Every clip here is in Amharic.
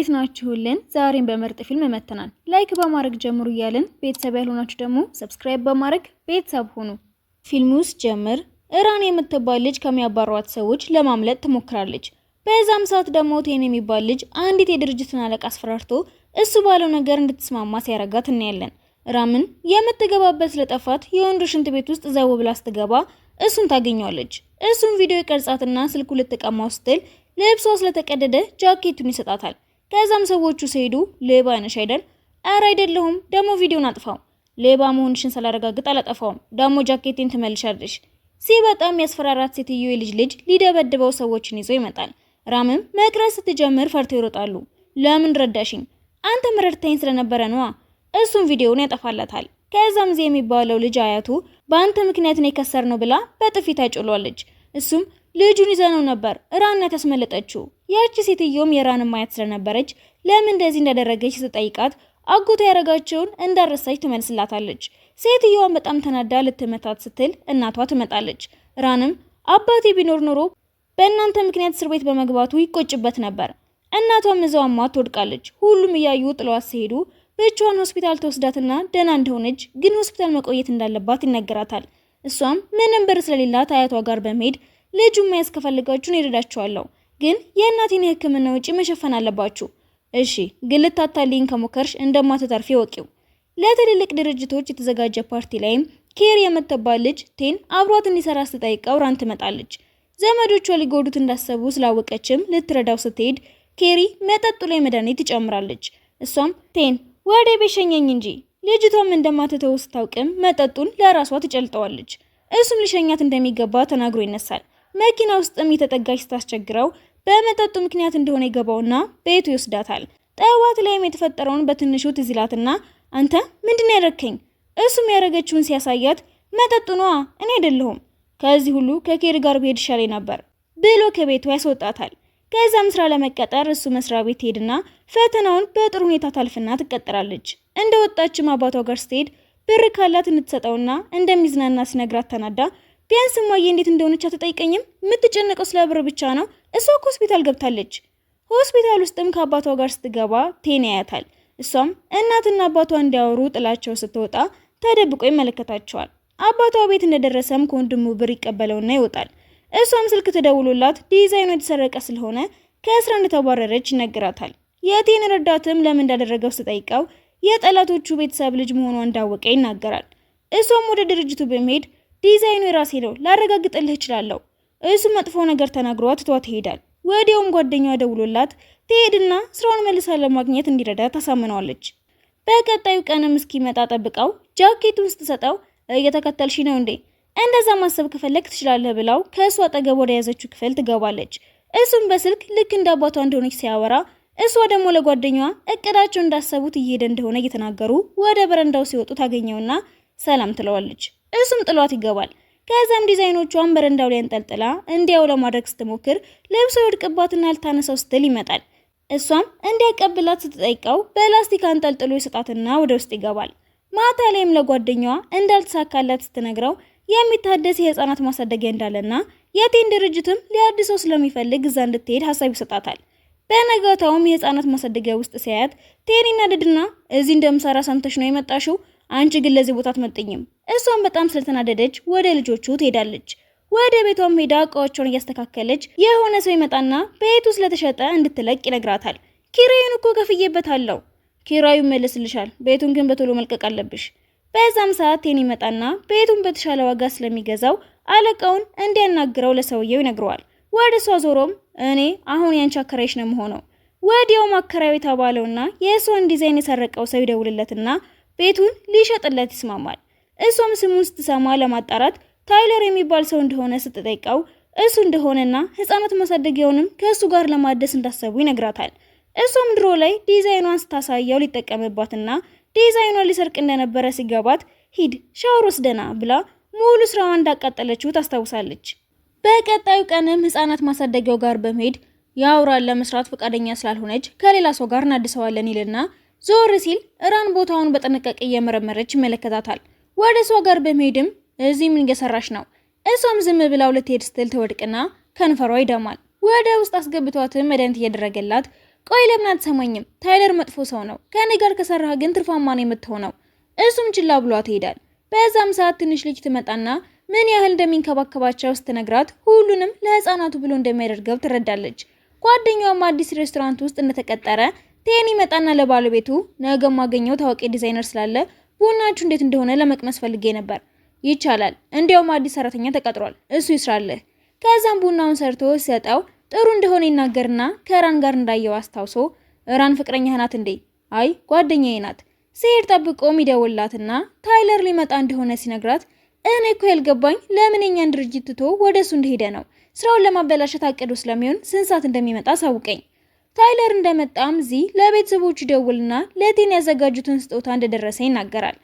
እንዴት ናችሁልን? ዛሬን በምርጥ ፊልም መተናል። ላይክ በማድረግ ጀምሩ እያልን ቤተሰብ ያልሆናችሁ ደግሞ ሰብስክራይብ በማድረግ ቤተሰብ ሁኑ። ፊልሙ ጀምር እራን የምትባል ልጅ ከሚያባሯት ሰዎች ለማምለጥ ትሞክራለች። በዛም ሰዓት ደግሞ ቴን የሚባል ልጅ አንዲት የድርጅትን አለቃ አስፈራርቶ እሱ ባለው ነገር እንድትስማማ ሲያረጋት እናያለን። ራምን የምትገባበት ስለጠፋት የወንዱ ሽንት ቤት ውስጥ ዘው ብላ ስትገባ እሱን ታገኘዋለች። እሱን ቪዲዮ ይቀርጻትና ስልኩ ልትቀማው ስትል ልብሷ ስለተቀደደ ጃኬቱን ይሰጣታል። ከዛም ሰዎቹ ሲሄዱ ሌባ ነሽ አይደል? አረ አይደለሁም፣ ደግሞ ቪዲዮን አጥፋው። ሌባ መሆንሽን ስላረጋግጥ አላጠፋውም፣ ደግሞ ጃኬቴን ትመልሻለሽ ሲ በጣም ያስፈራራት ሴትዮ የልጅ ልጅ ሊደበድበው ሰዎችን ይዞ ይመጣል። ራምም መቅረት ስትጀምር ፈርተው ይሮጣሉ። ለምን ረዳሽኝ? አንተ መረድተኝ ስለነበረ ነዋ። እሱም ቪዲዮውን ያጠፋላታል። ከዛም ዚ የሚባለው ልጅ አያቱ በአንተ ምክንያት ነው የከሰርነው ብላ በጥፊት አይጮሏለች። እሱም ልጁን ይዘነው ነበር እራናት ያስመለጠችው ያቺ ሴትዮም የራን ማየት ስለነበረች ለምን እንደዚህ እንዳደረገች ስትጠይቃት አጎቷ ያደረጋቸውን እንዳረሳች ትመልስላታለች። ሴትዮዋን በጣም ተናዳ ልትመታት ስትል እናቷ ትመጣለች። ራንም አባቴ ቢኖር ኖሮ በእናንተ ምክንያት እስር ቤት በመግባቱ ይቆጭበት ነበር። እናቷም እዛው አሟት ትወድቃለች። ሁሉም እያዩ ጥለዋት ሲሄዱ ብቻዋን ሆስፒታል ተወስዳትና ደህና እንደሆነች ግን ሆስፒታል መቆየት እንዳለባት ይነገራታል። እሷም ምንም ብር ስለሌላት አያቷ ጋር በመሄድ ልጁ መያዝ ከፈለጋችሁ ግን የእናቴን የህክምና ውጪ መሸፈን አለባችሁ። እሺ፣ ግን ልታታልኝ ከሞከርሽ እንደማትተርፊ ወቂው። ለትልልቅ ድርጅቶች የተዘጋጀ ፓርቲ ላይም ኬር የምትባል ልጅ ቴን አብሯት እንዲሰራ ስትጠይቀው ራን ትመጣለች። ዘመዶቿ ሊጎዱት እንዳሰቡ ስላወቀችም ልትረዳው ስትሄድ ኬሪ መጠጡ ላይ መድኃኒት ትጨምራለች። እሷም ቴን ወደ ቤሸኘኝ እንጂ ልጅቷም እንደማትተው ስታውቅም መጠጡን ለራሷ ትጨልጠዋለች። እሱም ልሸኛት እንደሚገባ ተናግሮ ይነሳል። መኪና ውስጥም የተጠጋች ስታስቸግረው በመጠጡ ምክንያት እንደሆነ ይገባውና ቤቱ ይወስዳታል። ጠዋት ላይም የተፈጠረውን በትንሹ ትዝ ይላትና አንተ ምንድን ያደረከኝ? እሱም ያደረገችውን ሲያሳያት መጠጡ ነዋ እኔ አይደለሁም ከዚህ ሁሉ ከኬር ጋር ብሄድ ይሻለኝ ነበር ብሎ ከቤቱ ያስወጣታል። ከዛም ስራ ለመቀጠር እሱ መስሪያ ቤት ትሄድና ፈተናውን በጥሩ ሁኔታ ታልፍና ትቀጠራለች። እንደ ወጣችም አባቷ ጋር ስትሄድ ብር ካላት እንድትሰጠውና እንደሚዝናና ሲነግራት ተናዳ ቢያንስ እማዬ እንዴት እንደሆነች አትጠይቀኝም? የምትጨነቀው ስለ ብር ብቻ ነው እሷ እኮ ሆስፒታል ገብታለች። ሆስፒታል ውስጥም ከአባቷ ጋር ስትገባ ቴን ያያታል። እሷም እናትና አባቷ እንዲያወሩ ጥላቸው ስትወጣ ተደብቆ ይመለከታቸዋል። አባቷ ቤት እንደደረሰም ከወንድሙ ብር ይቀበለውና ይወጣል። እሷም ስልክ ተደውሎላት ዲዛይኑ የተሰረቀ ስለሆነ ከስራ እንደተባረረች ይነግራታል። የቴን ረዳትም ለምን እንዳደረገው ስጠይቀው የጠላቶቹ ቤተሰብ ልጅ መሆኗ እንዳወቀ ይናገራል። እሷም ወደ ድርጅቱ በመሄድ ዲዛይኑ የራሴ ነው ላረጋግጥልህ እችላለሁ እሱ መጥፎ ነገር ተናግሮ ትቷት ይሄዳል። ወዲያውም ጓደኛዋ ደውሎላት ትሄድና ስራውን መልሳ ለማግኘት እንዲረዳ ታሳምነዋለች። በቀጣዩ ቀንም እስኪመጣ ጠብቀው ጃኬቱን ስትሰጠው እየተከተልሽ ነው እንዴ? እንደዛ ማሰብ ከፈለግ ትችላለህ ብላው ከእሱ አጠገብ ወደ ያዘችው ክፍል ትገባለች። እሱም በስልክ ልክ እንደ አባቷ እንደሆነች ሲያወራ፣ እሷ ደግሞ ለጓደኛዋ እቅዳቸው እንዳሰቡት እየሄደ እንደሆነ እየተናገሩ ወደ በረንዳው ሲወጡ ታገኘውና ሰላም ትለዋለች። እሱም ጥሏት ይገባል። ከዛም ዲዛይኖቿን በረንዳው ላይ አንጠልጥላ እንዲያው ለማድረግ ስትሞክር ልብሷ ይወድቅባትና ልታነሳው ስትል ይመጣል። እሷም እንዲያቀብላት ስትጠይቀው በላስቲክ አንጠልጥሎ ይሰጣትና ወደ ውስጥ ይገባል። ማታ ላይም ለጓደኛዋ እንዳልተሳካላት ስትነግረው የሚታደስ የህፃናት ማሳደጊያ እንዳለና የቴን ድርጅትም ሊያድሰው ስለሚፈልግ እዛ እንድትሄድ ሀሳብ ይሰጣታል። በነገታውም የህፃናት ማሳደጊያ ውስጥ ሲያያት ቴኒና ድድና እዚህ እንደምሰራ ሰምተሽ ነው የመጣሽው አንቺ ግን ለዚህ ቦታ አትመጥኝም። እሷም በጣም ስለተናደደች ወደ ልጆቹ ትሄዳለች። ወደ ቤቷም ሄዳ እቃዎቿን እያስተካከለች የሆነ ሰው ይመጣና ቤቱ ስለተሸጠ እንድትለቅ ይነግራታል። ኪራዩን እኮ ከፍዬበታለሁ። ኪራዩ መልስልሻል፣ ቤቱን ግን በቶሎ መልቀቅ አለብሽ። በዛም ሰዓት ቴን ይመጣና ቤቱን በተሻለ ዋጋ ስለሚገዛው አለቃውን እንዲያናግረው ለሰውየው ይነግረዋል። ወደ እሷ ዞሮም እኔ አሁን ያንቺ አከራይሽ ነው የምሆነው። ወዲያውም አከራዩ የተባለውና የእሷን ዲዛይን የሰረቀው ሰው ይደውልለትና ቤቱን ሊሸጥለት ይስማማል። እሷም ስሙን ስትሰማ ለማጣራት ታይለር የሚባል ሰው እንደሆነ ስትጠይቀው እሱ እንደሆነና ህፃናት ማሳደጊያውንም ከእሱ ጋር ለማደስ እንዳሰቡ ይነግራታል። እሷም ድሮ ላይ ዲዛይኗን ስታሳየው ሊጠቀምባትና ዲዛይኗን ሊሰርቅ እንደነበረ ሲገባት ሂድ ሻወር ወስደና ብላ ሙሉ ስራዋ እንዳቃጠለችው ታስታውሳለች። በቀጣዩ ቀንም ህፃናት ማሳደጊያው ጋር በመሄድ የአውራን ለመስራት ፈቃደኛ ስላልሆነች ከሌላ ሰው ጋር እናድሰዋለን ይልና ዞር ሲል ራን ቦታውን በጥንቃቄ እየመረመረች ይመለከታታል። ወደ እሷ ጋር በመሄድም እዚህ ምን እየሰራሽ ነው? እሷም ዝም ብላው ልትሄድ ስትል ትወድቅና ከንፈሯ ይደማል። ወደ ውስጥ አስገብቷትም መድኃኒት እያደረገላት ቆይ ለምን አትሰማኝም? ታይለር መጥፎ ሰው ነው። ከኔ ጋር ከሰራህ ግን ትርፋማ ነው የምትሆነው። እሱም ችላ ብሏት ይሄዳል። በዛም ሰዓት ትንሽ ልጅ ትመጣና ምን ያህል እንደሚንከባከባቸው ስትነግራት ሁሉንም ለህፃናቱ ብሎ እንደሚያደርገው ትረዳለች። ጓደኛውም አዲስ ሬስቶራንት ውስጥ እንደተቀጠረ ቴኒ መጣና ለባለቤቱ ነገ ማገኘው ታዋቂ ዲዛይነር ስላለ ቡናችሁ እንዴት እንደሆነ ለመቅመስ ፈልጌ ነበር። ይቻላል፣ እንዲያውም አዲስ ሰራተኛ ተቀጥሯል፣ እሱ ይስራልህ። ከዛም ቡናውን ሰርቶ ሲሰጠው ጥሩ እንደሆነ ይናገርና ከራን ጋር እንዳየው አስታውሶ ራን ፍቅረኛህ ናት እንዴ? አይ ጓደኛዬ ናት ሲሄድ ጠብቆም ይደውላትና ታይለር ሊመጣ እንደሆነ ሲነግራት እኔ እኮ ያልገባኝ ለምን የኛን ድርጅት ትቶ ወደ እሱ እንደሄደ ነው። ስራውን ለማበላሸት አቅዶ ስለሚሆን ስንት ሰዓት እንደሚመጣ አሳውቀኝ። ታይለር እንደመጣም ዚ ለቤተሰቦቹ ደውልና ለቴን ያዘጋጁትን ስጦታ እንደደረሰ ይናገራል።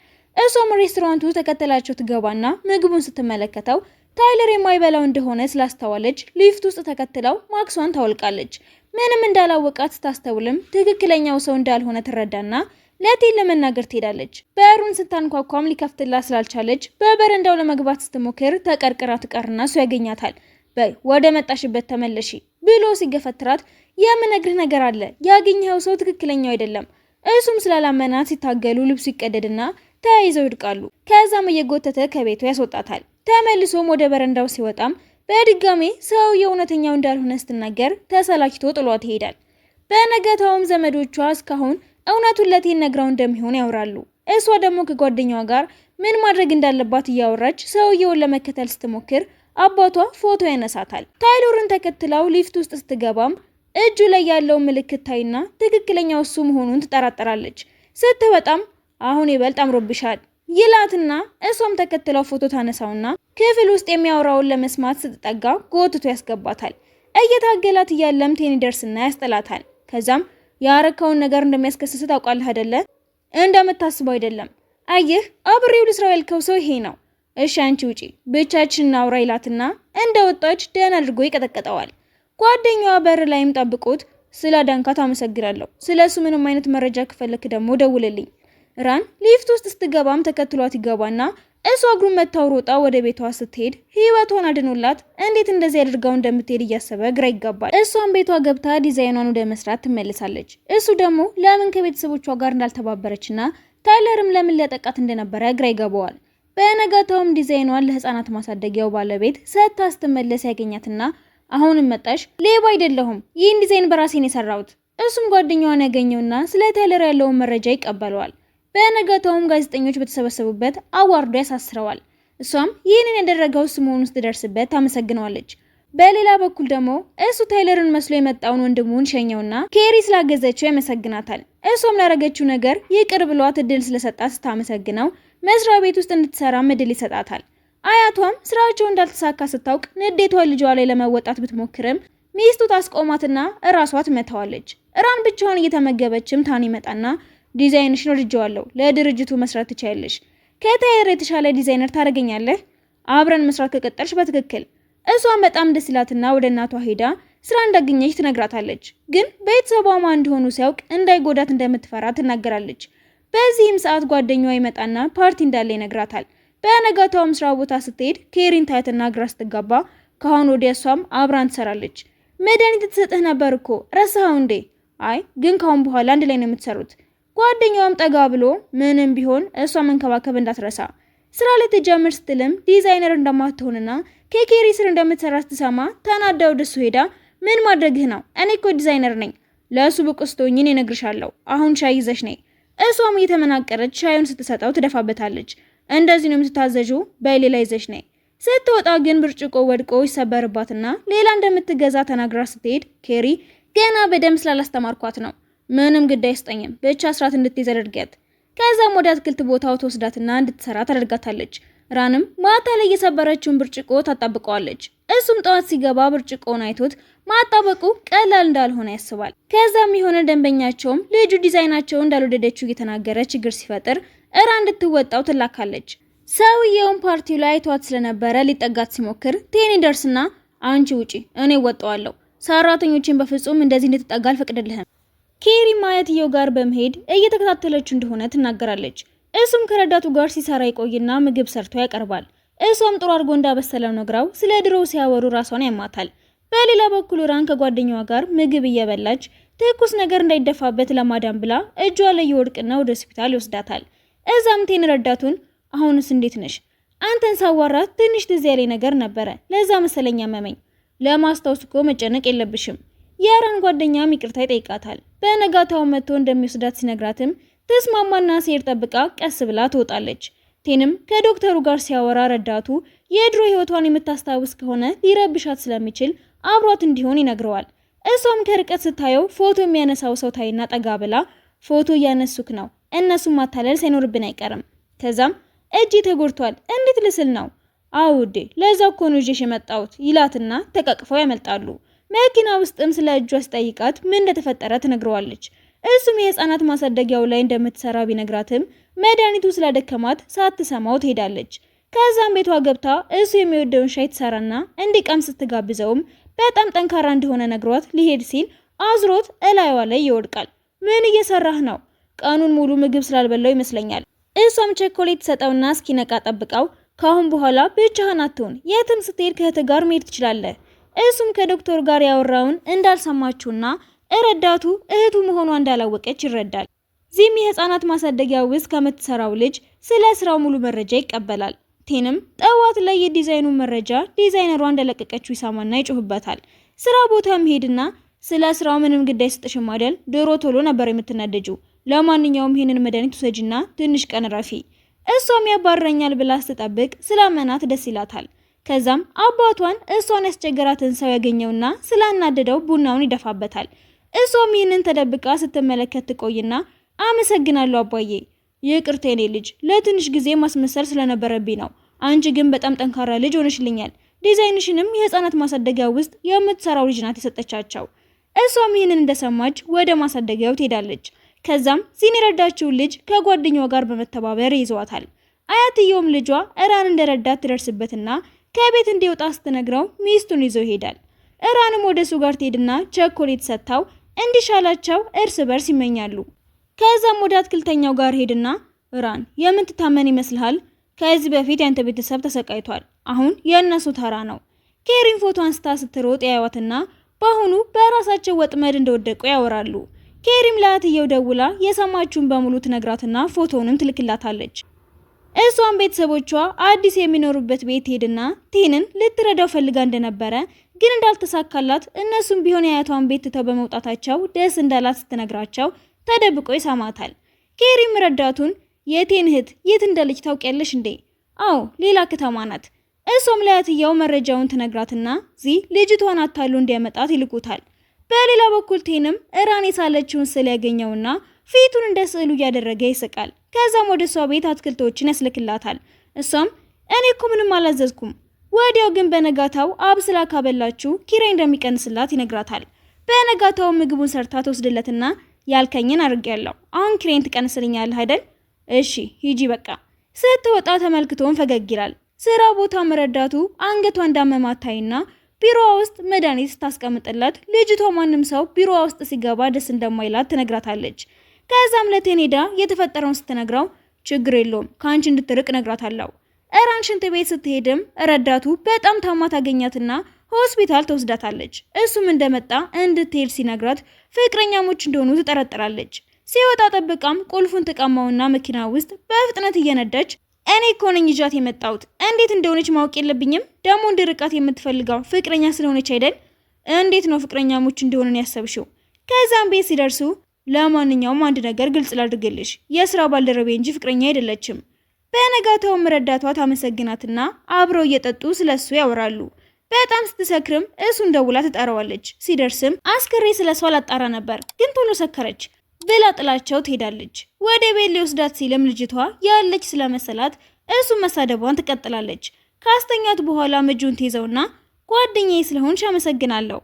እሷም ሬስቶራንቱ ተከተላቸው ትገባና ምግቡን ስትመለከተው ታይለር የማይበላው እንደሆነ ስላስተዋለች ሊፍት ውስጥ ተከትለው ማክሷን ታወልቃለች። ምንም እንዳላወቃት ስታስተውልም ትክክለኛው ሰው እንዳልሆነ ትረዳና ለቴን ለመናገር ትሄዳለች። በሩን ስታንኳኳም ሊከፍትላት ስላልቻለች በበረንዳው ለመግባት ስትሞክር ተቀርቅራ ትቀርና እሱ ያገኛታል። በይ ወደ መጣሽበት ተመለሺ ብሎ ሲገፈትራት የምነግርህ ነገር አለ፣ ያገኘኸው ሰው ትክክለኛው አይደለም። እሱም ስላላመናት ሲታገሉ ልብሱ ይቀደድና ተያይዘው ይድቃሉ። ከዛም እየጎተተ ከቤቱ ያስወጣታል። ተመልሶም ወደ በረንዳው ሲወጣም በድጋሜ ሰውየው እውነተኛው እንዳልሆነ ስትናገር ተሰላችቶ ጥሏት ይሄዳል። በነገታውም ዘመዶቿ እስካሁን እውነቱን ለቴን ነግራው እንደሚሆን ያወራሉ። እሷ ደግሞ ከጓደኛዋ ጋር ምን ማድረግ እንዳለባት እያወራች ሰውየውን ለመከተል ስትሞክር አባቷ ፎቶ ያነሳታል። ታይሎርን ተከትለው ሊፍት ውስጥ ስትገባም እጁ ላይ ያለው ምልክት ታይና ትክክለኛው እሱ መሆኑን ትጠራጠራለች። ስትወጣም አሁን ይበልጥ አምሮብሻል ይላትና እሷም ተከትለው ፎቶ ታነሳውና ክፍል ውስጥ የሚያወራውን ለመስማት ስትጠጋ ጎትቶ ያስገባታል። እየታገላት እያለም ቴኒ ደርስና ያስጠላታል። ከዛም ያረከውን ነገር እንደሚያስከስስ ታውቃለህ አይደለ? እንደምታስበው አይደለም። አየህ አብሬው ልስራው ያልከው ሰው ይሄ ነው። እሺ አንቺ ውጪ ብቻችን እናውራ ይላትና እንደ ወጣች ደህና አድርጎ ይቀጠቀጠዋል። ጓደኛዋ በር ላይም ጠብቆት ስለ ዳንካት አመሰግናለሁ፣ ስለ እሱ ምንም አይነት መረጃ ከፈለክ ደግሞ ደውልልኝ። ራን ሊፍት ውስጥ ስትገባም ተከትሏት ይገባና እሷ እግሩን መታው ሮጣ ወደ ቤቷ ስትሄድ ህይወቷን አድኖላት እንዴት እንደዚህ አድርጋው እንደምትሄድ እያሰበ ግራ ይጋባል። እሷን ቤቷ ገብታ ዲዛይኗን ወደ መስራት ትመልሳለች። እሱ ደግሞ ለምን ከቤተሰቦቿ ጋር እንዳልተባበረችና ታይለርም ለምን ሊያጠቃት እንደነበረ ግራ ይገባዋል። በነጋታውም ዲዛይኗን ለህፃናት ማሳደጊያው ባለቤት ሰጥታ ስትመለስ ያገኛትና አሁንም መጣሽ፣ ሌባ አይደለሁም፣ ይህን ዲዛይን በራሴን የሰራሁት። እሱም ጓደኛዋን ያገኘውና ስለ ቴለር ያለውን መረጃ ይቀበለዋል። በነጋታውም ጋዜጠኞች በተሰበሰቡበት አዋርዶ ያሳስረዋል። እሷም ይህንን ያደረገው እሱ መሆኑን ስትደርስበት ታመሰግነዋለች። በሌላ በኩል ደግሞ እሱ ታይለርን መስሎ የመጣውን ወንድሙን ሸኘውና ኬሪ ስላገዘችው ያመሰግናታል። እሷም ላረገችው ነገር ይቅር ብሏት እድል ስለሰጣት ስታመሰግነው መስሪያ ቤት ውስጥ እንድትሰራ እድል ይሰጣታል። አያቷም ስራቸው እንዳልተሳካ ስታውቅ ንዴቷ ልጇ ላይ ለመወጣት ብትሞክርም ሚስቱ ታስቆማትና እራሷ ትመታዋለች። እራን ብቻዋን እየተመገበችም ታን ይመጣና ዲዛይንሽን ወድጄዋለሁ፣ ለድርጅቱ መስራት ትችያለሽ፣ ከታየር የተሻለ ዲዛይነር ታደርገኛለህ፣ አብረን መስራት ከቀጠልሽ በትክክል እሷን በጣም ደስ ይላትና ወደ እናቷ ሄዳ ስራ እንዳገኘች ትነግራታለች። ግን ቤተሰቧ ማን እንደሆኑ ሲያውቅ እንዳይጎዳት እንደምትፈራ ትናገራለች። በዚህም ሰዓት ጓደኛዋ ይመጣና ፓርቲ እንዳለ ይነግራታል። በነጋታውም ስራ ቦታ ስትሄድ ኬሪን ታያትና ግራ ስትጋባ ከአሁን ወዲያ እሷም አብራን ትሰራለች። መድኃኒት ትሰጥህ ነበር እኮ ረሳኸው እንዴ? አይ ግን ከአሁን በኋላ አንድ ላይ ነው የምትሰሩት። ጓደኛዋም ጠጋ ብሎ ምንም ቢሆን እሷ መንከባከብ እንዳትረሳ ስራ ልትጀምር ስትልም ዲዛይነር እንደማትሆንና ከኬሪ ስር እንደምትሰራ ስትሰማ ተናዳ ወደሱ ሄዳ ምን ማድረግህ ነው? እኔ እኮ ዲዛይነር ነኝ። ለእሱ ብቁ ስትሆኝ እነግርሻለሁ። አሁን ሻይ ይዘሽ ነይ እሷም እየተመናቀረች ሻዩን ስትሰጠው ትደፋበታለች። እንደዚህ ነው የምትታዘዥው፣ በሌላ ይዘሽ ነይ። ስትወጣ ግን ብርጭቆ ወድቆ ይሰበርባትና ሌላ እንደምትገዛ ተናግራ ስትሄድ ኬሪ ገና በደንብ ስላላስተማርኳት ነው ምንም ግድ አይስጠኝም፣ ብቻ ስርዓት እንድትይዝ አድርጊያት። ከዛም ወደ አትክልት ቦታው ትወስዳትና እንድትሰራ ታደርጋታለች። ራንም ማታ ላይ የሰበረችውን ብርጭቆ ታጣብቀዋለች። እሱም ጠዋት ሲገባ ብርጭቆውን አይቶት ማጣበቁ ቀላል እንዳልሆነ ያስባል። ከዛም የሆነ ደንበኛቸውም ልጁ ዲዛይናቸው እንዳልወደደችው እየተናገረ ችግር ሲፈጥር እራ እንድትወጣው ትላካለች። ሰውየውን ፓርቲው ላይ አይቷት ስለነበረ ሊጠጋት ሲሞክር ቴኒ ደርስና አንቺ ውጪ፣ እኔ ወጣዋለሁ። ሰራተኞችን በፍጹም እንደዚህ እንድትጠጋ አልፈቅድልህም። ኬሪ ማየትየው ጋር በመሄድ እየተከታተለችው እንደሆነ ትናገራለች። እሱም ከረዳቱ ጋር ሲሰራ ይቆይና ምግብ ሰርቶ ያቀርባል። እሷም ጥሩ አድርጎ እንዳበሰለው ነግራው ስለ ድሮ ሲያወሩ ራሷን ያማታል። በሌላ በኩል ራን ከጓደኛዋ ጋር ምግብ እየበላች ትኩስ ነገር እንዳይደፋበት ለማዳን ብላ እጇ ላይ ይወድቅና ወደ ሆስፒታል ይወስዳታል። እዛም ቴን ረዳቱን አሁንስ እንዴት ነሽ? አንተን ሳዋራት ትንሽ ትዝ ያለኝ ነገር ነበረ፣ ለዛ መሰለኝ አመመኝ። ለማስታወስ እኮ መጨነቅ የለብሽም። የራን ጓደኛም ይቅርታ ይጠይቃታል። በነጋታው መጥቶ እንደሚወስዳት ሲነግራትም ተስማማና ሴር ጠብቃ ቀስ ብላ ትወጣለች። ቴንም ከዶክተሩ ጋር ሲያወራ ረዳቱ የድሮ ህይወቷን የምታስታውስ ከሆነ ሊረብሻት ስለሚችል አብሯት እንዲሆን ይነግረዋል። እሷም ከርቀት ስታየው ፎቶ የሚያነሳው ሰው ታይና ጠጋ ብላ ፎቶ እያነሱክ ነው፣ እነሱን ማታለል ሳይኖርብን አይቀርም። ከዛም እጅ ተጎድቷል፣ እንዴት ልስል ነው? አውዴ ለዛ እኮ ነው ይዤሽ የመጣሁት ይላትና ተቃቅፈው ያመልጣሉ። መኪና ውስጥም ስለ እጇ ስጠይቃት ምን እንደተፈጠረ ትነግረዋለች። እሱም የህፃናት ማሳደጊያው ላይ እንደምትሰራ ቢነግራትም መድኃኒቱ ስላደከማት ሳትሰማው ትሄዳለች። ከዛም ቤቷ ገብታ እሱ የሚወደውን ሻይ ትሰራና እንዲቀም ስትጋብዘውም በጣም ጠንካራ እንደሆነ ነግሯት ሊሄድ ሲል አዝሮት እላይዋ ላይ ይወድቃል። ምን እየሰራህ ነው? ቀኑን ሙሉ ምግብ ስላልበላው ይመስለኛል። እሷም ቸኮሌት ሰጠውና እስኪነቃ ጠብቀው፣ ካሁን በኋላ ብቻህን አትሆን፣ የትም ስትሄድ ከእህትህ ጋር መሄድ ትችላለህ። እሱም ከዶክተሩ ጋር ያወራውን እንዳልሰማችውና እረዳቱ እህቱ መሆኗ እንዳላወቀች ይረዳል። ዚህም የህፃናት ማሳደጊያ ውስጥ ከምትሰራው ልጅ ስለ ስራው ሙሉ መረጃ ይቀበላል። ቴንም ጠዋት ላይ የዲዛይኑ መረጃ ዲዛይነሯ እንደለቀቀችው ይሰማና ይጮህበታል። ስራ ቦታ መሄድና ስለ ስራው ምንም ግዳይ ስጥሽም አይደል ድሮ ቶሎ ነበር የምትናደጂው። ለማንኛውም ይህንን መድኃኒት ውሰጂና ትንሽ ቀን ረፊ። እሷም ያባረኛል ብላ ስትጠብቅ ስላመናት ደስ ይላታል። ከዛም አባቷን እሷን ያስቸገራትን ሰው ያገኘውና ስላናደደው ቡናውን ይደፋበታል። እሷም ይህንን ተደብቃ ስትመለከት ትቆይና አመሰግናለሁ አባዬ ይቅርታ የኔ ልጅ ለትንሽ ጊዜ ማስመሰል ስለነበረብኝ ነው። አንቺ ግን በጣም ጠንካራ ልጅ ሆነሽልኛል። ዲዛይንሽንም የህፃናት ማሳደጊያ ውስጥ የምትሰራው ልጅ ናት የሰጠቻቸው። እሷም ይህንን እንደሰማች ወደ ማሳደጊያው ትሄዳለች። ከዛም ዚን የረዳችውን ልጅ ከጓደኛዋ ጋር በመተባበር ይዘዋታል። አያትየውም ልጇ እራን እንደረዳት ትደርስበትና ከቤት እንዲወጣ ስትነግረው ሚስቱን ይዞ ይሄዳል። እራንም ወደ እሱ ጋር ትሄድና ቸኮሌት ሰጥታው እንዲሻላቸው እርስ በርስ ይመኛሉ። ከዛም ወደ አትክልተኛው ጋር ሄድና ራን የምትታመን ይመስልሃል? ከዚህ በፊት ያንተ ቤተሰብ ተሰቃይቷል። አሁን የእነሱ ተራ ነው። ኬሪን ፎቶ አንስታ ስትሮጥ ያዩዋትና በአሁኑ በራሳቸው ወጥመድ እንደወደቁ ያወራሉ። ኬሪም ለአትየው ደውላ የሰማችውን በሙሉ ትነግራትና ፎቶውንም ትልክላታለች። እሷም ቤተሰቦቿ አዲስ የሚኖሩበት ቤት ሄድና ቲንን ልትረዳው ፈልጋ እንደነበረ ግን እንዳልተሳካላት እነሱም ቢሆን የአያቷን ቤት ትተው በመውጣታቸው ደስ እንዳላት ስትነግራቸው ተደብቆ ይሰማታል። ኬሪም ረዳቱን የቴን እህት የት እንዳለች ታውቂያለሽ እንዴ? አዎ ሌላ ከተማ ናት። እሷም አትየው መረጃውን ትነግራትና ዚህ ልጅቷን አታሉ እንዲያመጣት ይልቁታል። በሌላ በኩል ቴንም እራን የሳለችውን ስዕል ያገኘውና ፊቱን እንደ ስዕሉ እያደረገ ይስቃል። ከዛም ወደ እሷ ቤት አትክልቶችን ያስልክላታል። እሷም እኔ እኮ ምንም አላዘዝኩም። ወዲያው ግን በነጋታው አብስላ ካበላችሁ ኪራይ እንደሚቀንስላት ይነግራታል። በነጋታው ምግቡን ሰርታ ትወስድለትና ያልከኝን አድርጌያለሁ። አሁን ክሬን ትቀንስልኛለህ አይደል? እሺ ሂጂ በቃ። ስትወጣ ተመልክቶን ፈገግ ይላል። ስራ ቦታ መረዳቱ አንገቷ እንዳመማታይና ቢሮዋ ውስጥ መድኃኒት ስታስቀምጥላት ልጅቷ ማንም ሰው ቢሮዋ ውስጥ ሲገባ ደስ እንደማይላት ትነግራታለች። ከዛም ለቴኔዳ ሄዳ የተፈጠረውን ስትነግራው ችግር የለውም ከአንቺ እንድትርቅ ነግራታለሁ። እራን ሽንት ቤት ስትሄድም ረዳቱ በጣም ታማ ታገኛትና ሆስፒታል ተወስዳታለች። እሱም እንደመጣ እንድትሄድ ሲነግራት ፍቅረኛሞች እንደሆኑ ትጠረጥራለች። ሲወጣ ጠብቃም ቁልፉን ትቀማውና መኪና ውስጥ በፍጥነት እየነዳች እኔ እኮ ነኝ ይዣት የመጣሁት እንዴት እንደሆነች ማወቅ የለብኝም። ደግሞ እንድርቃት የምትፈልገው ፍቅረኛ ስለሆነች አይደል? እንዴት ነው ፍቅረኛሞች እንደሆነን ያሰብሽው? ከዛም ቤት ሲደርሱ ለማንኛውም አንድ ነገር ግልጽ ላድርግልሽ፣ የስራ ባልደረቤ እንጂ ፍቅረኛ አይደለችም። በነጋታውም ረዳቷ ታመሰግናትና አብረው እየጠጡ ስለሱ ያወራሉ። በጣም ስትሰክርም እሱን ደውላ ትጠራዋለች። ሲደርስም አስክሬ ስለ እሷ ላጣራ ነበር ግን ቶሎ ሰከረች ብላ ጥላቸው ትሄዳለች። ወደ ቤት ሊወስዳት ሲልም ልጅቷ ያለች ስለመሰላት እሱን መሳደቧን ትቀጥላለች። ከአስተኛት በኋላ እጁን ትይዘውና ጓደኛዬ ስለሆንሽ አመሰግናለሁ።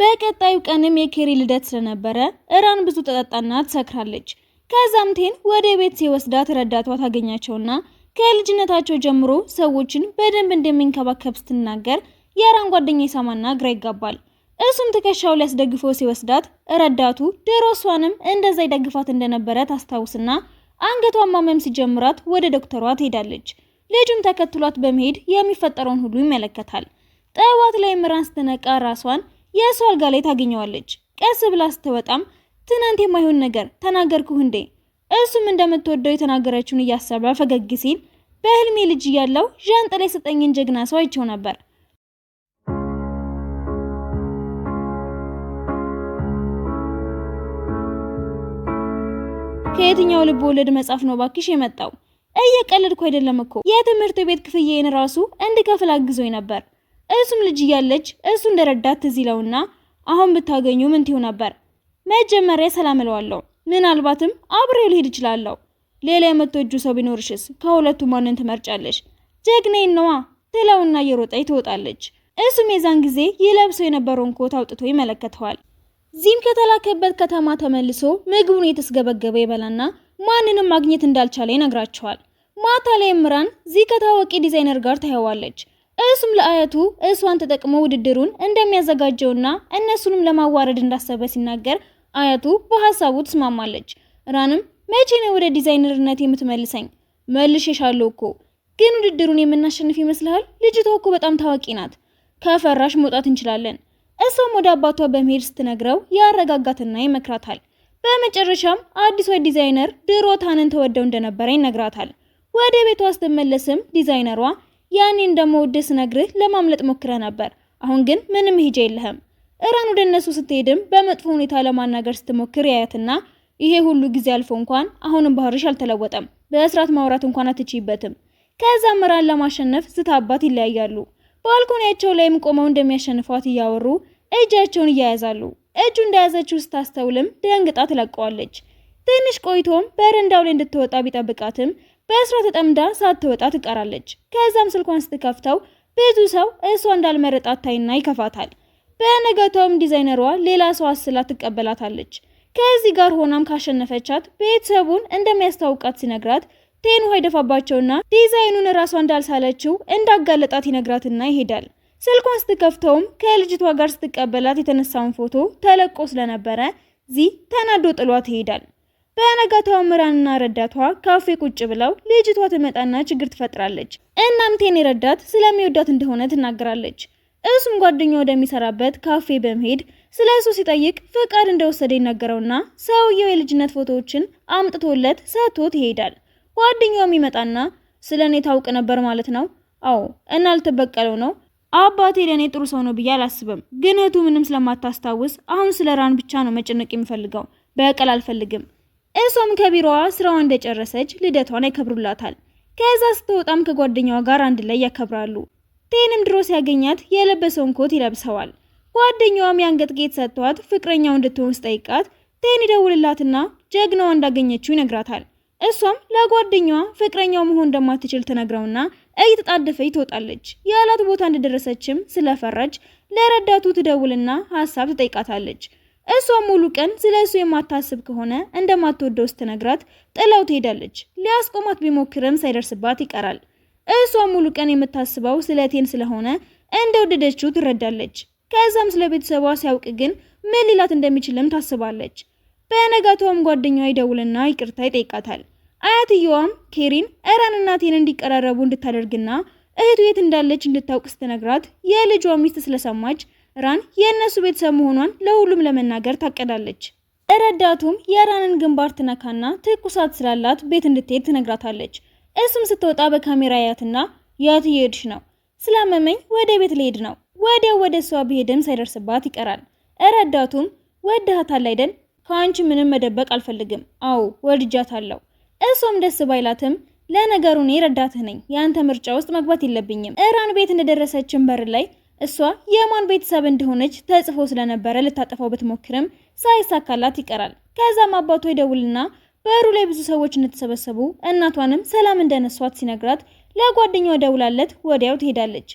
በቀጣዩ ቀንም የኬሪ ልደት ስለነበረ እራን ብዙ ተጠጣና ትሰክራለች። ከዛም ቴን ወደ ቤት ሲወስዳት ረዳቷ ታገኛቸውና ከልጅነታቸው ጀምሮ ሰዎችን በደንብ እንደሚንከባከብ ስትናገር የራን ጓደኛ ይሰማና ግራ ይጋባል። እሱም ትከሻው ሊያስደግፈው ሲወስዳት ረዳቱ ድሮ እሷንም እንደዛ ይደግፋት እንደነበረ ታስታውስና አንገቷን ማመም ሲጀምራት ወደ ዶክተሯ ትሄዳለች። ልጁም ተከትሏት በመሄድ የሚፈጠረውን ሁሉ ይመለከታል። ጠዋት ላይ ምራን ስትነቃ ራሷን የእሱ አልጋ ላይ ታገኘዋለች። ቀስ ብላ ስትወጣም ትናንት የማይሆን ነገር ተናገርኩህ እንዴ እሱም እንደምትወደው የተናገረችውን እያሰበ ፈገግ ሲል በህልሜ ልጅ እያለው ዣንጥላ የሰጠኝን ጀግና ሰው አይቼው ነበር። ከየትኛው ልብ ወለድ መጽሐፍ ነው ባኪሽ የመጣው? እየቀለድኩ አይደለም እኮ የትምህርት ቤት ክፍያዬን ራሱ እንድከፍል አግዞኝ ነበር። እሱም ልጅ እያለች እሱ እንደረዳት ትዝ ይለውና አሁን ብታገኙ ምን ትይው ነበር? መጀመሪያ ሰላም እለዋለሁ። ምናልባትም አብሬ ልሄድ እችላለሁ። ሌላ የምትወጁ ሰው ቢኖርሽስ ከሁለቱ ማንን ትመርጫለሽ? ጀግኔን ነዋ ትለውና እየሮጠች ትወጣለች። እሱም የዛን ጊዜ የለብሶ የነበረውን ኮት አውጥቶ ይመለከተዋል። ዚህም ከተላከበት ከተማ ተመልሶ ምግቡን የተስገበገበ ይበላና ማንንም ማግኘት እንዳልቻለ ይነግራቸዋል። ማታ ላይ ምራን ዚ ከታዋቂ ዲዛይነር ጋር ታየዋለች። እሱም ለአያቱ እሷን ተጠቅሞ ውድድሩን እንደሚያዘጋጀውና እነሱንም ለማዋረድ እንዳሰበ ሲናገር አያቱ በሀሳቡ ትስማማለች። ራንም መቼ ነው ወደ ዲዛይነርነት የምትመልሰኝ? መልሼሻለሁ እኮ ግን ውድድሩን የምናሸንፍ ይመስልሃል? ልጅቷ እኮ በጣም ታዋቂ ናት። ከፈራሽ መውጣት እንችላለን። እሷም ወደ አባቷ በመሄድ ስትነግረው ያረጋጋትና ይመክራታል። በመጨረሻም አዲሷ ዲዛይነር ድሮ ታንን ተወደው እንደነበረ ይነግራታል። ወደ ቤቷ ስትመለስም ዲዛይነሯ ያኔ እንደምወድህ ነግርህ ለማምለጥ ሞክረ ነበር። አሁን ግን ምንም ሂጃ የለህም እራን ወደ እነሱ ስትሄድም በመጥፎ ሁኔታ ለማናገር ስትሞክር ያያትና ይሄ ሁሉ ጊዜ አልፎ እንኳን አሁንም ባህርሽ አልተለወጠም፣ በእስራት ማውራት እንኳን አትችይበትም። ከዛም እራን ለማሸነፍ ዝታባት ይለያያሉ። ባልኮኒያቸው ላይም ቆመው እንደሚያሸንፏት እያወሩ እጃቸውን እያያዛሉ። እጁ እንደያዘችው ስታስተውልም ደንግጣ ትለቀዋለች። ትንሽ ቆይቶም በረንዳው ላይ እንድትወጣ ቢጠብቃትም በስራ ተጠምዳ ሳትወጣ ትቀራለች። ከዛም ስልኳን ስትከፍተው ብዙ ሰው እሷ እንዳልመረጣት ታይና ይከፋታል። በነጋታውም ዲዛይነሯ ሌላ ሰው አስላ ትቀበላታለች። ከዚህ ጋር ሆናም ካሸነፈቻት ቤተሰቡን እንደሚያስታውቃት ሲነግራት ቴኑ ይደፋባቸውና ዲዛይኑን ራሷ እንዳልሳለችው እንዳጋለጣት ይነግራትና ይሄዳል። ስልኳን ስትከፍተውም ከልጅቷ ጋር ስትቀበላት የተነሳውን ፎቶ ተለቆ ስለነበረ ዚ ተናዶ ጥሏት ይሄዳል። በነጋታው ምራንና ረዳቷ ካፌ ቁጭ ብለው ልጅቷ ትመጣና ችግር ትፈጥራለች። እናም ቴን ረዳት ስለሚወዳት እንደሆነ ትናገራለች። እሱም ጓደኛው ወደሚሰራበት ካፌ በመሄድ ስለ እሱ ሲጠይቅ ፈቃድ እንደወሰደ ይነገረውና ሰውየው የልጅነት ፎቶዎችን አምጥቶለት ሰጥቶት ይሄዳል። ጓደኛውም ይመጣና ስለ እኔ ታውቅ ነበር ማለት ነው? አዎ። እና ልትበቀለው ነው? አባቴ ለእኔ ጥሩ ሰው ነው ብዬ አላስብም፣ ግን እህቱ ምንም ስለማታስታውስ አሁን ስለ ራን ብቻ ነው መጨነቅ የሚፈልገው በቀል አልፈልግም። እሷም ከቢሮዋ ስራዋ እንደጨረሰች ልደቷን ያከብሩላታል። ከዛ ስትወጣም ከጓደኛዋ ጋር አንድ ላይ ያከብራሉ። ጤንም ድሮ ሲያገኛት የለበሰውን ኮት ይለብሰዋል። ጓደኛዋም የአንገት ጌጥ ሰጥቷት ፍቅረኛው እንድትሆን ስጠይቃት ቴን ይደውልላትና ጀግናዋ እንዳገኘችው ይነግራታል። እሷም ለጓደኛዋ ፍቅረኛው መሆን እንደማትችል ትነግረውና እየተጣደፈች ትወጣለች። ያላት ቦታ እንደደረሰችም ስለፈራች ለረዳቱ ትደውልና ሀሳብ ትጠይቃታለች። እሷም ሙሉ ቀን ስለ እሱ የማታስብ ከሆነ እንደማትወደው ስትነግራት ጥላው ትሄዳለች። ሊያስቆማት ቢሞክርም ሳይደርስባት ይቀራል። እሷ ሙሉ ቀን የምታስበው ስለ ቴን ስለሆነ እንደወደደችው ትረዳለች። ከዛም ስለ ቤተሰቧ ሲያውቅ ግን ምን ሊላት እንደሚችልም ታስባለች። በነጋቷም ጓደኛዋ ይደውልና ይቅርታ ይጠይቃታል። አያትየዋም ኬሪን እረንና ቴን እንዲቀራረቡ እንድታደርግና እህቱ የት እንዳለች እንድታውቅ ስትነግራት የልጇ ሚስት ስለሰማች ራን የእነሱ ቤተሰብ መሆኗን ለሁሉም ለመናገር ታቀዳለች። ረዳቱም የራንን ግንባር ትነካና ትኩሳት ስላላት ቤት እንድትሄድ ትነግራታለች። እሱም ስትወጣ በካሜራ ያትና ያት እየሄድሽ ነው ስላመመኝ ወደ ቤት ልሄድ ነው። ወዲያው ወደ እሷ ብሄድም ሳይደርስባት ይቀራል። እረዳቱም ወድሃታል አይደል? ከአንቺ ምንም መደበቅ አልፈልግም። አዎ ወድጃታለሁ። እሷም ደስ ባይላትም ለነገሩ እኔ ረዳትህ ነኝ፣ የአንተ ምርጫ ውስጥ መግባት የለብኝም። እራን ቤት እንደደረሰችን በር ላይ እሷ የማን ቤተሰብ እንደሆነች ተጽፎ ስለነበረ ልታጠፋው ብትሞክርም ሳይሳካላት ይቀራል። ከዛም አባቷ ይደውልና በሩ ላይ ብዙ ሰዎች እንደተሰበሰቡ እናቷንም ሰላም እንደነሷት ሲነግራት ለጓደኛዋ ደውላለት ወዲያው ትሄዳለች።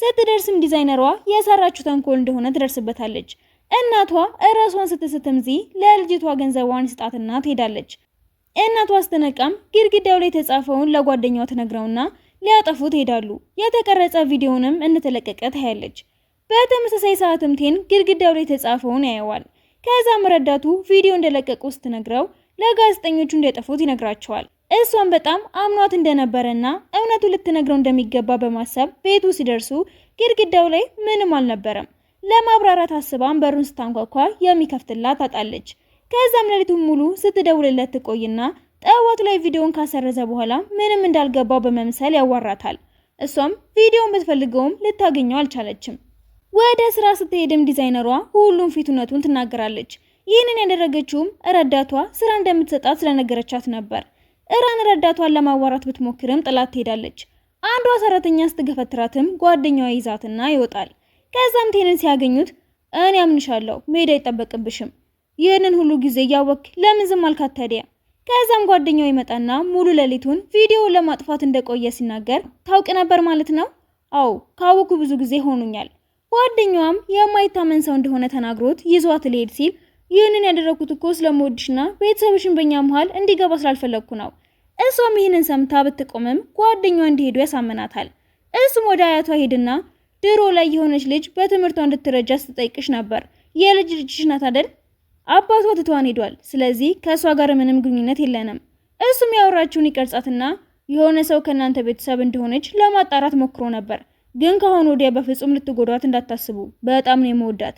ስትደርስም ዲዛይነሯ የሰራችው ተንኮል እንደሆነ ትደርስበታለች። እናቷ እራሷን ስትስትምዚ ለልጅቷ ገንዘቧን ስጣትና ትሄዳለች። እናቷ ስትነቃም ግድግዳው ላይ የተጻፈውን ለጓደኛዋ ትነግረውና ሊያጠፉት ይሄዳሉ። የተቀረጸ ቪዲዮንም እንደተለቀቀ ታያለች። በተመሳሳይ ሰዓትም ቴን ግድግዳው ላይ የተጻፈውን ያየዋል። ከዛም ረዳቱ ቪዲዮ እንደለቀቁ ስትነግረው ለጋዜጠኞቹ እንደጠፉት ይነግራቸዋል። እሷም በጣም አምኗት እንደነበረና እውነቱ ልትነግረው እንደሚገባ በማሰብ ቤቱ ሲደርሱ ግድግዳው ላይ ምንም አልነበረም። ለማብራራት አስባን በሩን ስታንኳኳ የሚከፍትላት ታጣለች። ከዛም ሌሊቱን ሙሉ ስትደውልለት ትቆይና ጠዋት ላይ ቪዲዮውን ካሰረዘ በኋላ ምንም እንዳልገባው በመምሰል ያዋራታል። እሷም ቪዲዮውን ብትፈልገውም ልታገኘው አልቻለችም። ወደ ስራ ስትሄድም ዲዛይነሯ ሁሉም ፊት እውነቱን ትናገራለች። ይህንን ያደረገችውም ረዳቷ ስራ እንደምትሰጣት ስለነገረቻት ነበር። እራን ረዳቷን ለማዋራት ብትሞክርም ጥላት ትሄዳለች። አንዷ ሰራተኛ ስትገፈትራትም ጓደኛዋ ይዛትና ይወጣል። ከዛም ቴንን ሲያገኙት እኔ አምንሻለሁ፣ መሄድ አይጠበቅብሽም። ይህንን ሁሉ ጊዜ እያወክ ለምን ዝም አልካት ታዲያ? ከዛም ጓደኛው ይመጣና ሙሉ ሌሊቱን ቪዲዮውን ለማጥፋት እንደቆየ ሲናገር ታውቅ ነበር ማለት ነው? አዎ ካወኩ ብዙ ጊዜ ሆኑኛል። ጓደኛዋም የማይታመን ሰው እንደሆነ ተናግሮት ይዟት ሊሄድ ሲል ይህንን ያደረኩት እኮ ስለምወድሽና ቤተሰብሽን በእኛ መሀል እንዲገባ ስላልፈለግኩ ነው። እሷም ይህንን ሰምታ ብትቆምም ጓደኛ እንዲሄዱ ያሳምናታል። እሱም ወደ አያቷ ሄድና ድሮ ላይ የሆነች ልጅ በትምህርቷ እንድትረጃ ስትጠይቅሽ ነበር። የልጅ ልጅሽ ናት አይደል? አባቷ ትቷን ሄዷል። ስለዚህ ከእሷ ጋር ምንም ግንኙነት የለንም። እሱም ያወራችውን ይቀርጻትና የሆነ ሰው ከእናንተ ቤተሰብ እንደሆነች ለማጣራት ሞክሮ ነበር። ግን ከአሁን ወዲያ በፍጹም ልትጎዷት እንዳታስቡ። በጣም ነው የመወዳት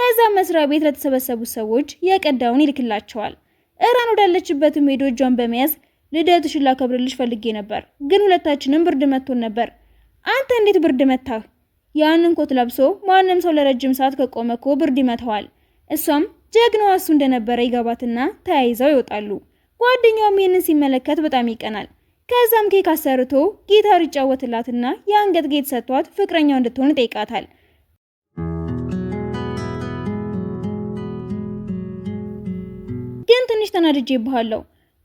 ከዛ መስሪያ ቤት ለተሰበሰቡት ሰዎች የቀዳውን ይልክላቸዋል። እራን ወዳለችበትም ሄዶ እጇን በመያዝ ልደትሽን ላከብርልሽ ፈልጌ ነበር፣ ግን ሁለታችንም ብርድ መቶን ነበር። አንተ እንዴት ብርድ መታህ? ያንን ኮት ለብሶ ማንም ሰው ለረጅም ሰዓት ከቆመ እኮ ብርድ ይመታዋል። እሷም ጀግናዋ እሱ እንደነበረ ይገባትና ተያይዘው ይወጣሉ። ጓደኛውም ይህንን ሲመለከት በጣም ይቀናል። ከዛም ኬክ አሰርቶ ጊታር ይጫወትላትና የአንገት ጌጥ ሰጥቷት ፍቅረኛው እንድትሆን ይጠይቃታል። ትንሽ ተናድጄ ባሃለሁ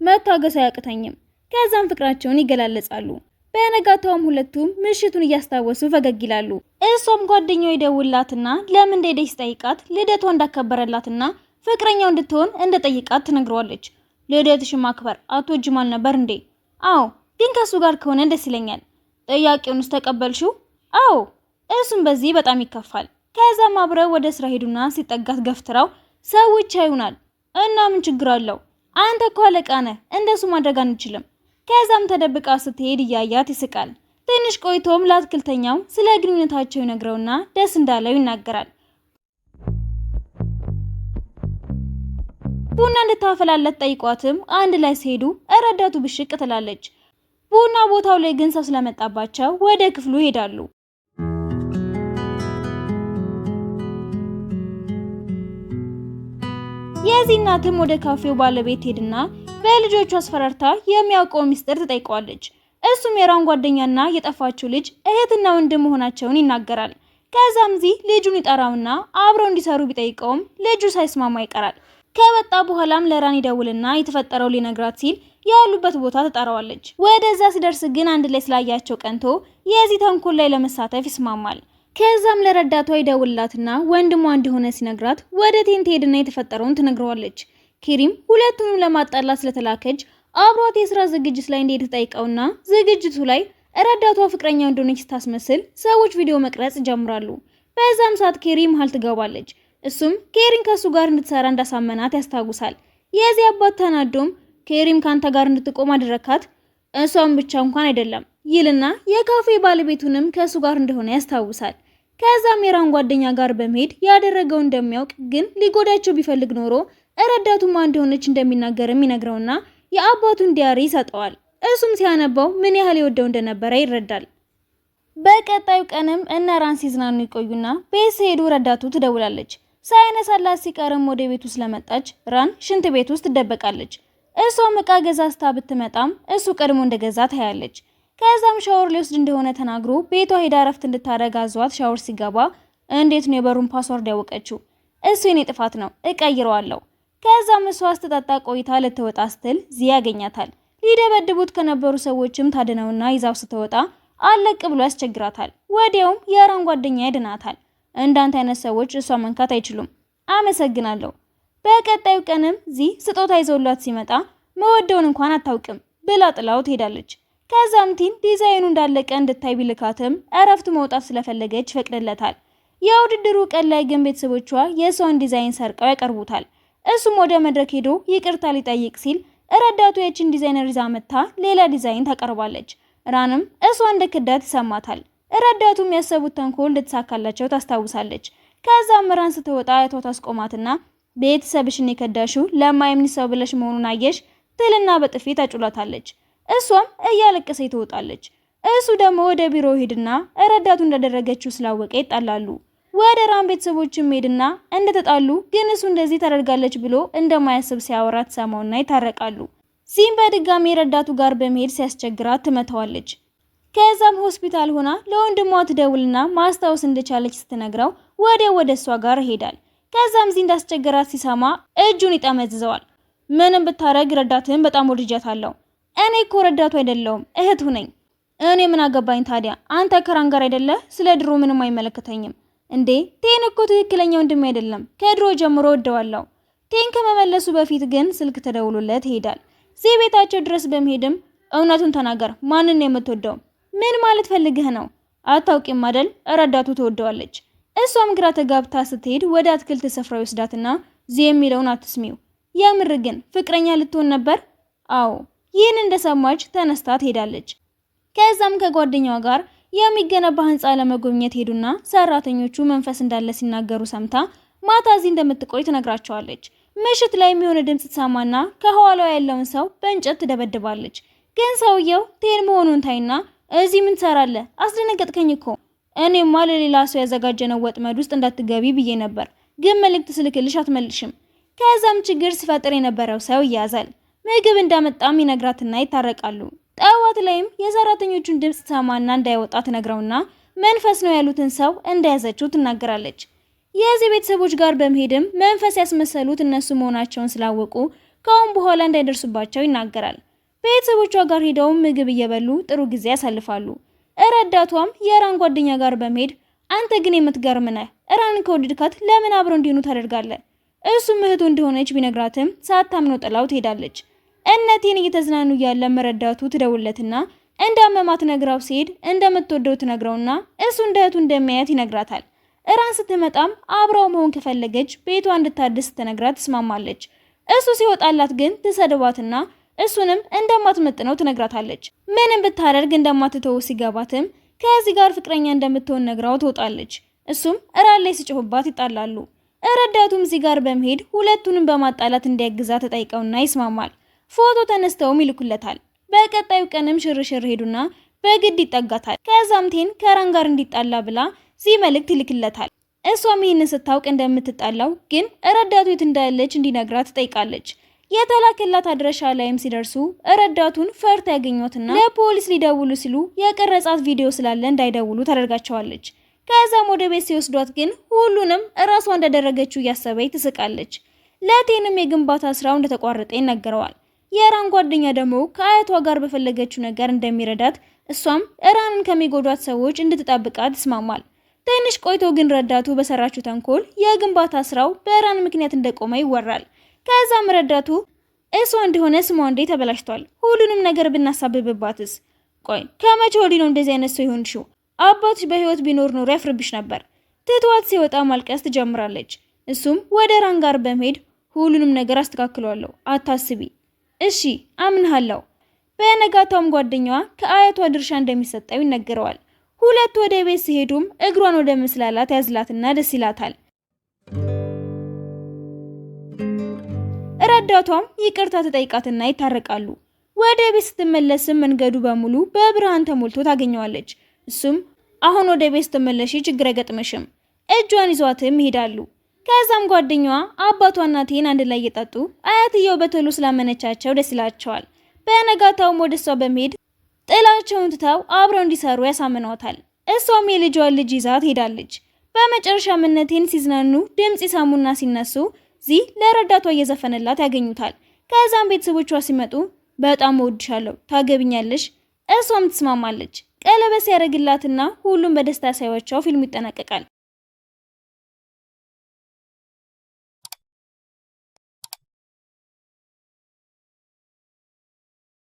መታገስ አያቅተኝም። ከዛም ፍቅራቸውን ይገላለጻሉ። በነጋታውም ሁለቱም ምሽቱን እያስታወሱ ፈገግ ይላሉ። እሷም ጓደኛው ይደውላትና ለምን እንደሄደች ሲጠይቃት ልደቷ እንዳከበረላትና ፍቅረኛው እንድትሆን እንደጠይቃት ትነግረዋለች። ልደትሽ ማክበር አትወጂም አልነበር እንዴ? አዎ፣ ግን ከእሱ ጋር ከሆነ ደስ ይለኛል። ጥያቄውንስ ተቀበልሽው? አዎ። እሱም በዚህ በጣም ይከፋል። ከዛም አብረው ወደ ስራ ሄዱና ሲጠጋት ገፍትራው ሰዎች ይሆናል። እና ምን ችግር አለው? አንተ እኮ አለቃ ነህ፣ እንደሱ ማድረግ አንችልም። ከዛም ተደብቃ ስትሄድ እያያት ይስቃል። ትንሽ ቆይቶም ለአትክልተኛው ስለ ግንኙነታቸው ይነግረውና ደስ እንዳለው ይናገራል። ቡና እንድታፈላለት ጠይቋትም አንድ ላይ ሲሄዱ እረዳቱ ብሽቅ ትላለች። ቡና ቦታው ላይ ግን ሰው ስለመጣባቸው ወደ ክፍሉ ይሄዳሉ። የዚህ እናትም ወደ ካፌው ባለቤት ሄድና በልጆቹ አስፈራርታ የሚያውቀው ሚስጥር ትጠይቀዋለች። እሱም የራን ጓደኛና የጠፋችው ልጅ እህትና ወንድም መሆናቸውን ይናገራል። ከዛም ዚህ ልጁን ይጠራውና አብረው እንዲሰሩ ቢጠይቀውም ልጁ ሳይስማማ ይቀራል። ከወጣ በኋላም ለራን ይደውልና የተፈጠረው ሊነግራት ሲል ያሉበት ቦታ ትጠራዋለች። ወደዛ ሲደርስ ግን አንድ ላይ ስላያቸው ቀንቶ የዚህ ተንኮል ላይ ለመሳተፍ ይስማማል። ከዛም ለረዳቷ ይደውላትና ወንድሟ እንደሆነ ሲነግራት ወደ ቴን ሄድና የተፈጠረውን ትነግረዋለች። ኪሪም ሁለቱንም ለማጣላት ስለተላከች አብሯት የስራ ዝግጅት ላይ እንዴት ተጠይቀውና ዝግጅቱ ላይ ረዳቷ ፍቅረኛ እንደሆነች ስታስመስል ሰዎች ቪዲዮ መቅረጽ ይጀምራሉ። በዛም ሰዓት ኬሪ መሀል ትገባለች። እሱም ኬሪን ከሱ ጋር እንድትሰራ እንዳሳመናት ያስታውሳል። የዚህ አባት ተናዶም ኬሪም ካንተ ጋር እንድትቆም አደረካት፣ እሷም ብቻ እንኳን አይደለም ይልና የካፌ ባለቤቱንም ከእሱ ጋር እንደሆነ ያስታውሳል። ከዛ ሜራን ጓደኛ ጋር በመሄድ ያደረገው እንደሚያውቅ ግን ሊጎዳቸው ቢፈልግ ኖሮ እረዳቱ ማን እንደሆነች እንደሚናገርም ይነግረውና የአባቱን ዲያሪ ይሰጠዋል። እሱም ሲያነባው ምን ያህል የወደው እንደነበረ ይረዳል። በቀጣዩ ቀንም እነ ራን ሲዝናኑ ይቆዩና ቤት ሲሄዱ ረዳቱ ትደውላለች። ሳይነሳላት ሲቀርም ወደ ቤት ውስጥ ለመጣች ራን ሽንት ቤት ውስጥ ትደበቃለች። እሷም እቃ ገዛዝታ ብትመጣም እሱ ቀድሞ እንደገዛ ታያለች። ከዛም ሻወር ሊወስድ እንደሆነ ተናግሮ ቤቷ ሄዳ ረፍት እንድታደርግ አዟት ሻወር ሲገባ እንዴት ነው የበሩን ፓስዋርድ ያወቀችው? እሱ የኔ ጥፋት ነው እቀይረዋለሁ። ከዛም እሷ አስተጣጣ ቆይታ ልትወጣ ስትል ዚያ ያገኛታል። ሊደበድቡት ከነበሩ ሰዎችም ታድነውና ይዛው ስትወጣ አለቅ ብሎ ያስቸግራታል። ወዲያውም የራን ጓደኛ ያድናታል። እንዳንተ አይነት ሰዎች እሷ መንካት አይችሉም። አመሰግናለሁ። በቀጣዩ ቀንም ዚህ ስጦታ ይዘውላት ሲመጣ መወደውን እንኳን አታውቅም ብላ ጥላው ትሄዳለች። ከዛም ቲን ዲዛይኑ እንዳለቀ እንድታይ ቢልካትም እረፍት መውጣት ስለፈለገች ይፈቅድለታል። የውድድሩ ቀን ላይ ግን ቤተሰቦቿ የሰውን ዲዛይን ሰርቀው ያቀርቡታል። እሱም ወደ መድረክ ሄዶ ይቅርታ ሊጠይቅ ሲል ረዳቱ የችን ዲዛይነር ይዛ ሌላ ዲዛይን ታቀርባለች። ራንም እሷ እንደ ክዳት ይሰማታል። ረዳቱም ያሰቡት ተንኮል ልትሳካላቸው ታስታውሳለች። ከዛም ራን ስትወጣ አያቷ ታስቆማትና ቤተሰብሽን የከዳሽው ለማይምኒ ሰው ብለሽ መሆኑን አየሽ ትልና በጥፊ ታጩላታለች። እሷም እያለቀሰች ትወጣለች። እሱ ደግሞ ወደ ቢሮ ሄድና ረዳቱ እንዳደረገችው ስላወቀ ይጣላሉ። ወደ ራም ቤተሰቦችም ሄድና እንደተጣሉ ግን እሱ እንደዚህ ታደርጋለች ብሎ እንደማያስብ ሲያወራ ሰማውና ይታረቃሉ። ዚህም በድጋሚ ረዳቱ ጋር በመሄድ ሲያስቸግራት ትመታዋለች። ከዛም ሆስፒታል ሆና ለወንድሟ ትደውልና ማስታወስ እንደቻለች ስትነግረው ወደ ወደ እሷ ጋር ይሄዳል። ከዛም ዚህ እንዳስቸገራት ሲሰማ እጁን ይጠመዝዘዋል። ምንም ብታረግ ረዳትህን በጣም ወድጃታለሁ እኔ እኮ ረዳቱ አይደለሁም እህቱ ነኝ። እኔ ምን አገባኝ ታዲያ? አንተ ከራን ጋር አይደለ? ስለ ድሮ ምንም አይመለከተኝም። እንዴ ቴን እኮ ትክክለኛ ወንድሜ አይደለም። ከድሮ ጀምሮ ወደዋለሁ። ቴን ከመመለሱ በፊት ግን ስልክ ተደውሎለት ይሄዳል። እዚህ ቤታቸው ድረስ በመሄድም እውነቱን ተናገር፣ ማንን ነው የምትወደው? ምን ማለት ፈልግህ ነው? አታውቂም አደል? ረዳቱ ትወደዋለች። እሷም ግራ ተጋብታ ስትሄድ ወደ አትክልት ስፍራ ይወስዳትና ዚህ የሚለውን አትስሚው። የምር ግን ፍቅረኛ ልትሆን ነበር? አዎ ይህን እንደሰማች ተነስታ ትሄዳለች። ከዛም ከጓደኛዋ ጋር የሚገነባ ህንፃ ለመጎብኘት ሄዱና ሰራተኞቹ መንፈስ እንዳለ ሲናገሩ ሰምታ ማታ እዚህ እንደምትቆይ ትነግራቸዋለች። ምሽት ላይ የሚሆነ ድምፅ ትሰማና ከኋላዋ ያለውን ሰው በእንጨት ትደበድባለች። ግን ሰውየው ቴን መሆኑን ታይና እዚህ ምን ትሰራለህ? አስደነገጥከኝ እኮ እኔማ ለሌላ ሰው ያዘጋጀነው ወጥመድ ውስጥ እንዳትገቢ ብዬ ነበር፣ ግን መልእክት ስልክልሽ አትመልሽም። ከዛም ችግር ሲፈጥር የነበረው ሰው ይያዛል። ምግብ እንዳመጣም ይነግራትና ይታረቃሉ። ጠዋት ላይም የሰራተኞቹን ድምፅ ሰማና እንዳይወጣ ትነግረውና መንፈስ ነው ያሉትን ሰው እንደያዘችው ትናገራለች። የዚህ ቤተሰቦች ጋር በመሄድም መንፈስ ያስመሰሉት እነሱ መሆናቸውን ስላወቁ ከአሁን በኋላ እንዳይደርሱባቸው ይናገራል። ቤተሰቦቿ ጋር ሄደውም ምግብ እየበሉ ጥሩ ጊዜ ያሳልፋሉ። እረዳቷም የራን ጓደኛ ጋር በመሄድ አንተ ግን የምትገርም ነህ፣ ራንን ከወደድካት ለምን አብረው እንዲሆኑ ታደርጋለህ? እሱም እህቱ እንደሆነች ቢነግራትም ሳታምነው ጥላው ትሄዳለች። እነቴን እየተዝናኑ እያለ መረዳቱ ትደውለትና እንዳመማት ነግራው ሲሄድ እንደምትወደው ትነግረውና እሱ እንደ እህቱ እንደሚያያት ይነግራታል። እራን ስትመጣም አብረው መሆን ከፈለገች ቤቷ እንድታድስ ስትነግራት ትስማማለች። እሱ ሲወጣላት ግን ትሰድባትና እሱንም እንደማትመጥነው ትነግራታለች። ምንም ብታደርግ እንደማትተው ሲገባትም ከዚህ ጋር ፍቅረኛ እንደምትሆን ነግራው ትወጣለች። እሱም እራን ላይ ሲጮህባት ይጣላሉ። ረዳቱም እዚህ ጋር በመሄድ ሁለቱንም በማጣላት እንዲያግዛ ተጠይቀውና ይስማማል። ፎቶ ተነስተውም ይልኩለታል። በቀጣዩ ቀንም ሽርሽር ሄዱና በግድ ይጠጋታል። ከዛም ቴን ከራን ጋር እንዲጣላ ብላ ዚህ መልእክት ይልክለታል። እሷም ይህን ስታውቅ እንደምትጣላው ግን ረዳቱ የት እንዳለች እንዲነግራት ትጠይቃለች። የተላከላት አድረሻ ላይም ሲደርሱ ረዳቱን ፈርታ ያገኟትና ለፖሊስ ሊደውሉ ሲሉ የቀረጻት ቪዲዮ ስላለ እንዳይደውሉ ታደርጋቸዋለች። ከዛም ወደ ቤት ሲወስዷት ግን ሁሉንም እራሷ እንዳደረገችው እያሰበች ትስቃለች። ለቴንም የግንባታ ስራው እንደተቋረጠ ይነገረዋል። የራን ጓደኛ ደግሞ ከአያቷ ጋር በፈለገችው ነገር እንደሚረዳት እሷም እራንን ከሚጎዷት ሰዎች እንድትጠብቃት ትስማማል። ትንሽ ቆይቶ ግን ረዳቱ በሰራችው ተንኮል የግንባታ ስራው በእራን ምክንያት እንደቆመ ይወራል። ከዛም ረዳቱ እሷ እንደሆነ ስሟ እንዴ ተበላሽቷል፣ ሁሉንም ነገር ብናሳብብባትስ? ቆይ ከመቼ ወዲህ ነው እንደዚህ አይነት ሰው ይሆንሽ? አባትሽ በህይወት ቢኖር ኖሮ ያፍርብሽ ነበር። ትቷት ሲወጣ ማልቀስ ትጀምራለች። እሱም ወደ ራን ጋር በመሄድ ሁሉንም ነገር አስተካክሏለሁ፣ አታስቢ እሺ አምንሃለሁ። በነጋታውም ጓደኛዋ ከአያቷ ድርሻ እንደሚሰጠው ይነገረዋል። ሁለቱ ወደ ቤት ሲሄዱም እግሯን ወደ ምስላላት ያዝላትና ደስ ይላታል። ረዳቷም ይቅርታ ተጠይቃትና ይታረቃሉ። ወደ ቤት ስትመለስም መንገዱ በሙሉ በብርሃን ተሞልቶ ታገኘዋለች። እሱም አሁን ወደ ቤት ስትመለሽ ችግር አይገጥምሽም፣ እጇን ይዟትም ይሄዳሉ። ከዛም ጓደኛዋ አባቷ እናቴን አንድ ላይ እየጠጡ አያትየው በቶሎ ስላመነቻቸው ደስ ይላቸዋል። በነጋታውም ወደ እሷ በመሄድ ጥላቸውን ትተው አብረው እንዲሰሩ ያሳምኗታል። እሷም የልጇን ልጅ ይዛ ትሄዳለች። በመጨረሻ እምነቴን ሲዝናኑ ድምፅ ሲሰሙና ሲነሱ ዚህ ለረዳቷ እየዘፈነላት ያገኙታል። ከዛም ቤተሰቦቿ ሲመጡ በጣም እወድሻለሁ፣ ታገብኛለሽ። እሷም ትስማማለች። ቀለበት ሲያደርግላትና ሁሉም በደስታ ሳይዋቸው ፊልሙ ይጠናቀቃል።